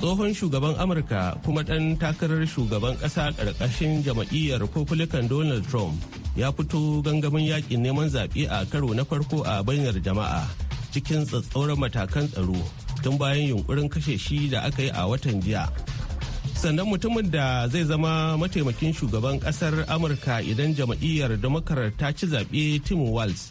tsohon shugaban amurka kuma ɗan takarar shugaban ƙasa ƙarƙashin jama'iyyar republican donald trump ya fito gangamin yakin neman zaɓe a karo na farko a bayyar jama'a cikin tsatsauran matakan tsaro tun bayan yunkurin kashe shi da aka yi a watan jiya sannan mutumin da zai zama mataimakin shugaban kasar amurka idan jama'iyyar democrat ta ci zaɓe tim walz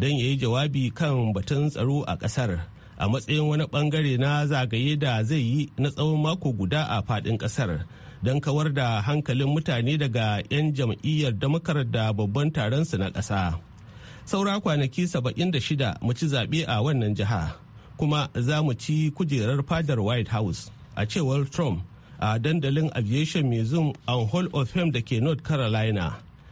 don ya yi jawabi kan batun tsaro a kasar. a matsayin wani bangare na zagaye da zai yi na tsawon mako guda a fadin kasar. don kawar da hankalin mutane daga 'yan jam'iyyar damakar da babban su na ƙasa. Saura kwanaki 76 mu ci zaɓe a wannan jiha kuma za mu ci kujerar fadar White House a cewar Trump a dandalin aviation museum a hall of fame da ke North Carolina.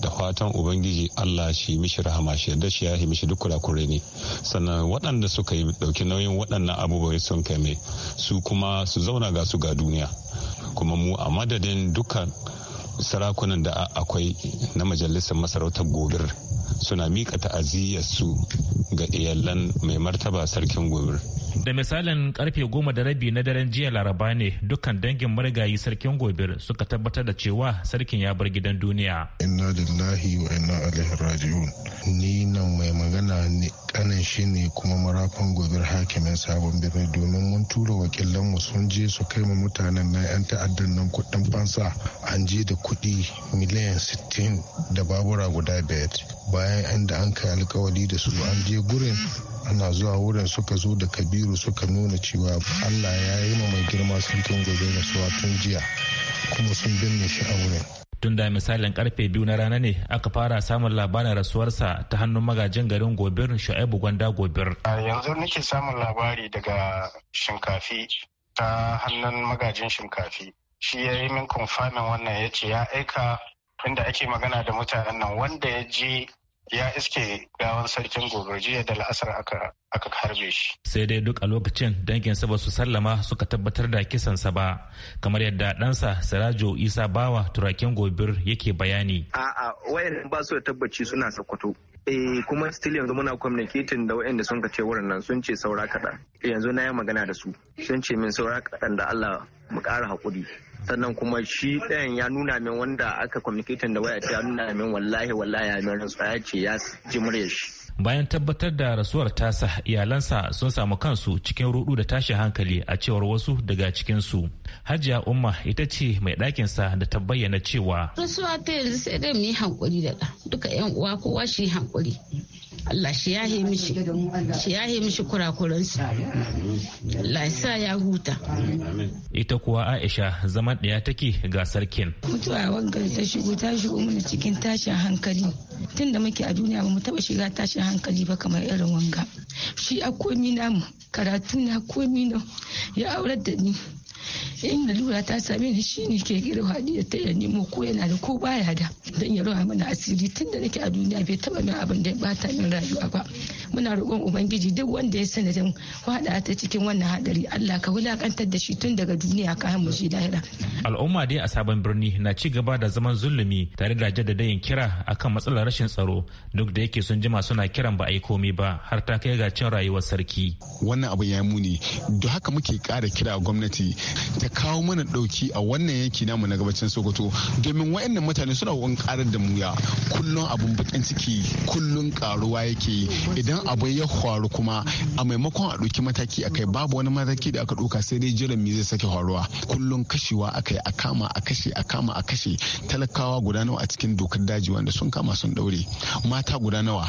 da fatan ubangiji allah shi mishi rahama shi yadda shi ya mishi duk kurakure ne sannan waɗanda suka yi ɗauki nauyin waɗannan abubuwa sun kai mai su kuma su zauna ga su ga duniya kuma mu a madadin dukkan sarakunan da akwai na majalisar masarautar gobir suna mika su ga iyalan mai martaba sarkin gobir. Da misalin karfe goma da rabi na daren jiya laraba ne dukkan dangin marigayi sarkin gobir suka tabbatar da cewa sarkin ya bar gidan duniya. Inna lillahi wa inna alaihi raji'un. Ni nan mai magana ne kanin shi ne kuma marafan gobir hakimin sabon birni domin mun tura wakilan sun je su kai mu mutanen na 'yan ta'addan nan kuɗin fansa an je da kuɗi miliyan 60 da babura guda biyar bayan inda an kai alkawari da su an je gurin ana zuwa wurin suka zo da kabiru suka nuna cewa allah ya yi ma mai girma sarkin gobe da suwa tun jiya kuma sun binne shi a wurin tun da misalin karfe biyu na rana ne aka fara samun labarin rasuwarsa ta hannun magajin garin gobir shu'aibu gwanda gobir yanzu nake samun labari daga shinkafi ta hannun magajin shinkafi shi ya yi min kumfanin wannan ya ce ya aika inda ake magana da mutanen nan wanda ya je ya iske gawan sarkin gobe jiya da la'asar aka harbe shi. Sai dai duk a lokacin danginsa ba su sallama suka tabbatar da kisansa ba kamar yadda ɗansa Sirajo Isa Bawa turakin gobir yake bayani. A'a wayan ba su da tabbaci suna sakwato eh kuma still yanzu muna communicating da waɗanda sun ka ce wurin nan sun ce saura kaɗan yanzu na yi magana da su sun ce min saura kaɗan da Allah mu ƙara haƙuri sannan kuma shi ɗayan ya nuna min wanda aka communicating da waya ya nuna min wallahi wallahi ya min ya ce ya ji muryar shi bayan tabbatar da rasuwar tasa iyalansa sun samu kansu cikin rudu da tashin hankali a cewar wasu daga cikin su hajiya umma ita ce mai ɗakinsa da ta bayyana cewa rasuwa ta yanzu sai dai mu yi hankuri da duka yan uwa kowa shi hankuri Allah shi yi mishi shi ya yi mishi kurakuransu Allah ya sa ya huta ita kuwa Aisha zaman ɗaya take ga sarkin mutuwa wangar ta shigo ta shigo mana cikin tashin hankali tun da muke a duniya ba mu taba shiga tashin hankali ba kamar irin wanga shi a komi namu karatu na komi na ya aurar da ni in eh, lura ta same ni shi ne ke kira hadiya ta ya nemo ko yana da ko baya da don ya rawa mana asiri tun da nake a duniya bai taba min abin da ya bata min rayuwa ba muna roƙon ubangiji duk wanda ya sani sanadin wada ta cikin wannan hadari Allah ka wulakantar da shi tun daga duniya ka mu shi lahira al'umma dai a sabon birni na ci gaba da zaman zulumi tare da jaddadayin kira akan matsalar rashin tsaro duk da yake sun jima suna kiran ba a yi komai ba har ta kai ga cin rayuwar sarki wannan abu ya muni da haka muke kara kira gwamnati ta ta kawo mana dauki a wannan yanki namu na gabacin sokoto domin wayannan mutane suna wani karar da muya kullun abun bakin ciki kullun karuwa yake idan abu ya faru kuma a maimakon a ɗauki mataki akai babu wani mataki da aka ɗauka sai dai jiran mi zai sake faruwa kullun kashewa akai a kama a kashe a kama a kashe talakawa guda nawa a cikin dokar daji wanda sun kama sun daure mata guda nawa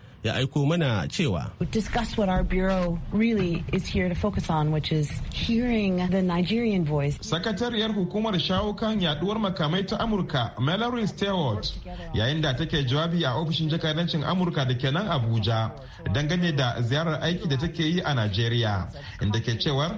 ya aiko mana cewa discuss what our bureau is here focus on which is the Nigerian voice sakatariyar hukumar shawo kan yaduwar makamai ta Amurka Mallory Stewart yayin da take jawabi a ofishin jakadancin Amurka da ke nan Abuja dangane da ziyarar aiki da take yi a Najeriya inda ke cewar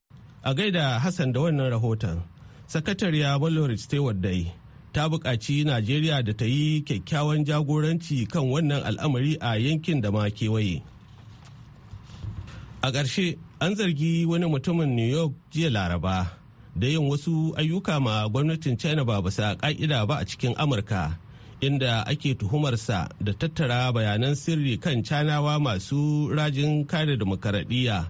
a gaida hassan da wannan rahoton sakatariya mallory stewart dai ta bukaci najeriya da ta yi kyakkyawan jagoranci kan wannan al'amari a yankin da ma kewaye a ƙarshe an zargi wani mutumin new york jiya laraba da yin wasu ayyuka ma gwamnatin china ba bisa ƙa'ida ba a cikin amurka inda ake tuhumarsa da tattara bayanan sirri kan canawa masu rajin kare demokaradiyya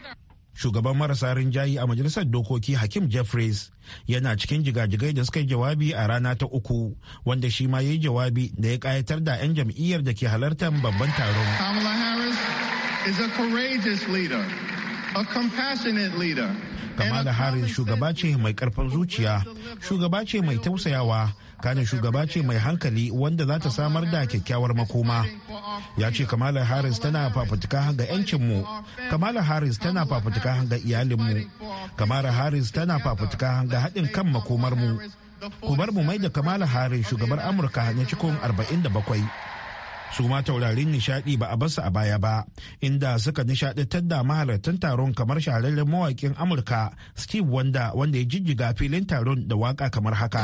shugaban marasa rinjayi a majalisar dokoki hakim jeffries yana cikin jigajigai da suka yi jawabi a rana ta uku wanda shi ma ya yi jawabi da ya kayatar da 'yan jam'iyyar da ke halartar babban taron kamala harris shugaba ce mai karfin zuciya shugaba ce mai tausayawa kane shugaba ce mai hankali wanda za ta samar da kyakkyawar makoma ya ce kamala harris tana fafutuka ga 'yancinmu kamala harris tana fafutuka ga iyalinmu kamala harris tana fafutuka ga haɗin kan makomar mu bar mu mai da kamala harris shugabar amurka na cikin 47 su ma taurarin nishadi ba a basu a baya ba inda suka nishadantar da mahalartan taron kamar shahararren mawakin amurka steve wanda wanda ya jijjiga filin taron da waka kamar haka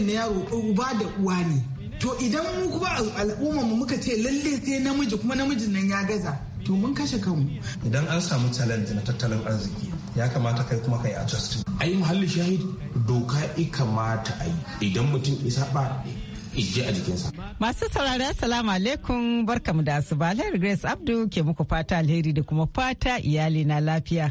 na yaro uba da uwa ne to idan mu kuma al'ummar mu muka ce lalle sai namiji kuma namijin nan ya gaza to mun kashe kanmu idan an samu challenge na tattalin arziki ya kamata kai kuma kai adjusting ayi muhalli shahid doka i kamata ayi idan mutum isa ba ije a jikinsa. Masu saurari Assalamu alaikum barkamu da asuba Alheri Grace Abdu ke muku fata alheri da kuma fata iyali na lafiya.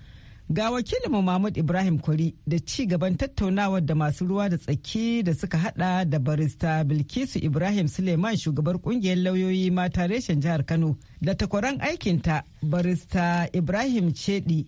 Ga wakilinmu Mahmud Ibrahim kori da ci gaban tattaunawar da masu ruwa da tsaki da suka hada da barista Bilkisu Ibrahim Suleiman shugabar kungiyar lauyoyi mata reshen jihar Kano da takwaran aikinta barista Ibrahim Chedi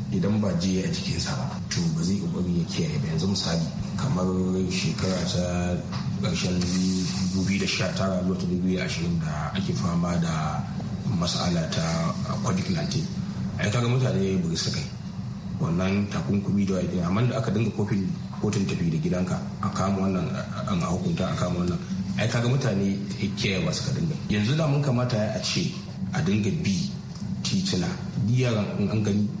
idan ba je a jikinsa ba to ba zai kokari ya kiyaye ba yanzu misali kamar shekara ta ƙarshen 2019 zuwa 2020 da ake fama da masala ta covid-19 a kaga mutane ya su kai wannan takunkumi da waje amma da aka dinga kofin kotun tafi da gidanka a kama wannan an a hukunta a kama wannan ai kaga mutane kiyaye ba suka dinga yanzu da mun kamata a ce a dinga bi titina diyar an gani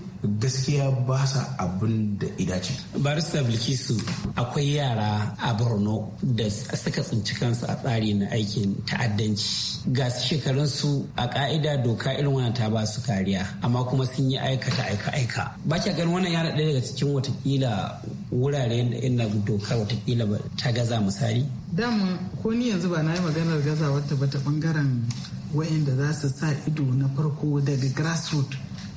gaskiya ba sa abin da idace. barista bilkisu akwai yara a borno da suka tsinci kansu a tsari na aikin ta'addanci ga shekarun su a ka'ida doka irin wannan ta ba su kariya amma kuma sun yi aikata aika aika ba ki ganin wannan yana ɗaya daga cikin watakila wurare da ina doka watakila ta gaza misali dama ko ni yanzu ba na yi maganar gaza wata bata bangaren wa'inda za su sa ido na farko daga grassroots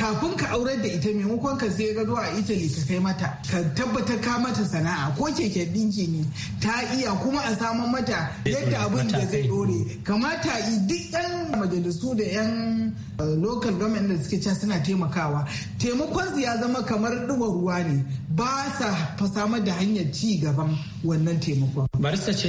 kafin ka aurar da ita maimakon ka sai gado a italy ka kai mata ka tabbatar ka mata sana'a ko keke dinki ne ta iya kuma a samun mata yadda abin da zai dore kamata yi duk yan majalisu da yan uh, local government da suke cewa suna taimakawa taimakon su ya zama kamar ɗuwar ruwa ne ba sa samar da hanyar ci gaban wannan taimakon barista ce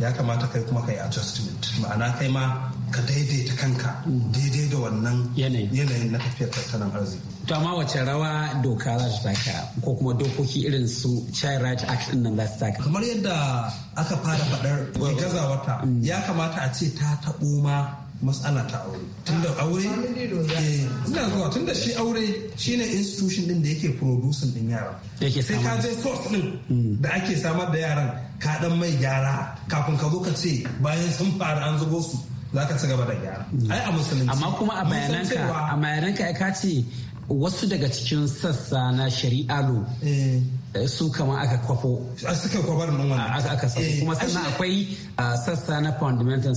ya kamata kai kuma kai adjustment ma'ana kai ma ka daidaita kanka daidai da wannan yanayin na tafiyar tattalin arziki to amma wace rawa doka za su taka ko kuma dokoki irin su child right act din nan za su taka kamar yadda aka fara faɗar gazawata ya kamata a ce ta taɓo ma matsala ta aure tunda aure eh, ina zuwa tunda shi aure shine institution din da yake producing din yara sai ka je source din hmm. da ake samar da yaran ka dan mai gyara kafin ka zo ka ce bayan sun fara an zubo su za ka ci gaba da gyara hmm. ai a musulunci amma kuma a bayananka a bayananka ka ce wasu daga cikin sassa na shari'a lo eh. Eh, su kama aka kwafo a ah, suka kwabar nan wannan ah, aka sa eh, kuma sannan akwai ah, sassa na fundamental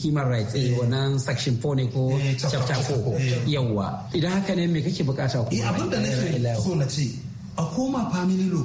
human rights eh, eh. wannan section 4 ne ko chapter 4 yawa idan haka ne me kake bukata ku abin da nake so na ce a koma family law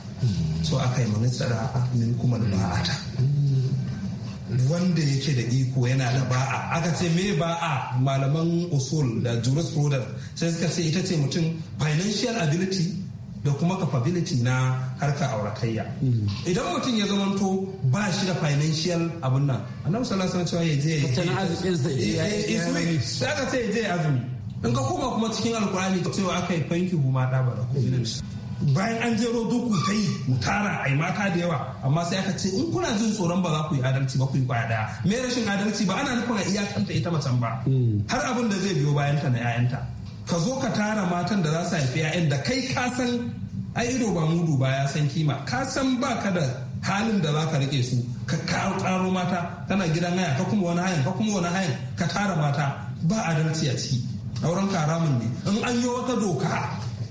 so aka yi manitsara min kuma ba'ata wanda yake da iko yana da ba'a aka ce me ba'a malaman usul da jurisprudence sai suka ce ita ce mutum financial ability da kuma capability na harkar auratayya idan mutum ya zamanto ba shi da financial abun nan annabi sallallahu alaihi wasallam ya je ya arzikin sa ya yi eh, eh, sai aka ce ya je azumi in ka koma kuma cikin alkurani cewa aka yi fanki huma da ba da kuma mm. bayan an jero duk ku ta yi mu tara yi mata da yawa amma sai aka ce in kuna jin tsoron ba za ku yi adalci ba ku yi kwaya daya me rashin adalci ba ana nufin a iyakanta ita macen ba hmm. har abin da zai biyo bayan ta na 'ya'yanta ka zo ka tara matan da za su haifi 'ya'yan da kai ka san ai ido ba mudu ba ya san kima ka san ba ka da halin da za ka rike su ka karo mata tana gidan haya ka kuma wani hayan ka kuma wani hayan ka tara mata ba adalci a ciki auren karamin ne in an yi wata doka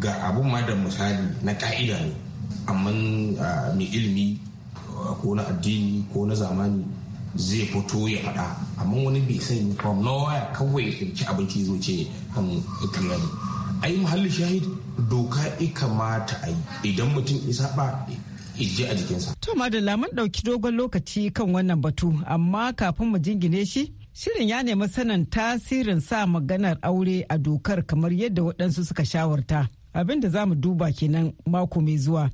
ga abun ma da misali na ka'ida ne amma mai ilimi ko na addini ko na zamani zai fito ya faɗa amma wani bai sani from nowhere kawai ya abinci zo ce kan ikirya ne muhalli shahid doka ika mata a yi idan mutum isa ba ije a jikinsa. to da mun ɗauki dogon lokaci kan wannan batu amma kafin mu jingine shi Shirin ya nemi sanin tasirin sa maganar aure a dokar kamar yadda waɗansu suka shawarta. Abin da za mu duba kenan mako mai zuwa.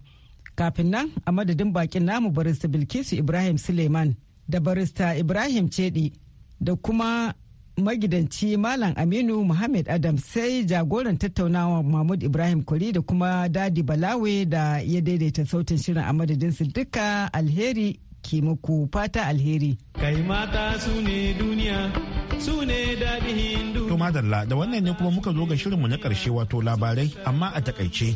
Kafin nan a madadin bakin namu barista Bilkisu Ibrahim Suleiman da barista Ibrahim Cedi da kuma magidanci Malam Aminu Muhammad Adam sai jagoran tattaunawa Mahmud Ibrahim Kuri da kuma Dadi Balawe da ya daidaita sautin shirin a madadinsu duka alheri ke muku fata alheri. Kai mata su ne duniya, su ne daɗi hindu. To madalla da wannan ne kuma muka zo ga shirinmu na ƙarshe wato labarai amma a takaice.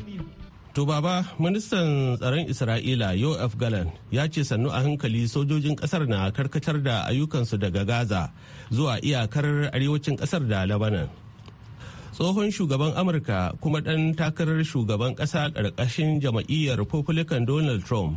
To baba, ministan tsaron Isra'ila Yoav Galan ya ce sannu a hankali sojojin kasar na karkatar da ayyukansu daga Gaza zuwa iyakar arewacin kasar da Lebanon. Tsohon shugaban Amurka kuma ɗan takarar shugaban ƙasa ƙarƙashin jama'iyyar Republican Donald Trump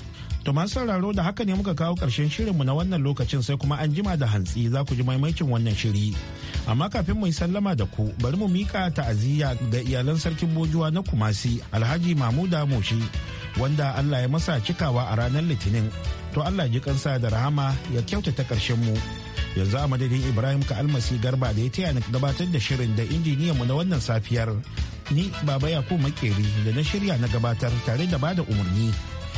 To masu sauraro da haka ne muka kawo ƙarshen mu na wannan lokacin sai kuma an jima da hantsi za ku ji maimakin wannan shiri. Amma kafin mu yi sallama da ku bari mu mika ta'aziyya ga iyalan sarkin bojuwa na Kumasi Alhaji Mamuda Moshi wanda Allah ya masa cikawa a ranar Litinin. To Allah ji kansa da rahama ya kyautata ƙarshen mu. Yanzu a madadin Ibrahim ka almasi garba da ya taya ni gabatar da shirin da injiniyan mu na wannan safiyar. Ni Baba Yakubu Makeri da na shirya na gabatar tare da bada umarni.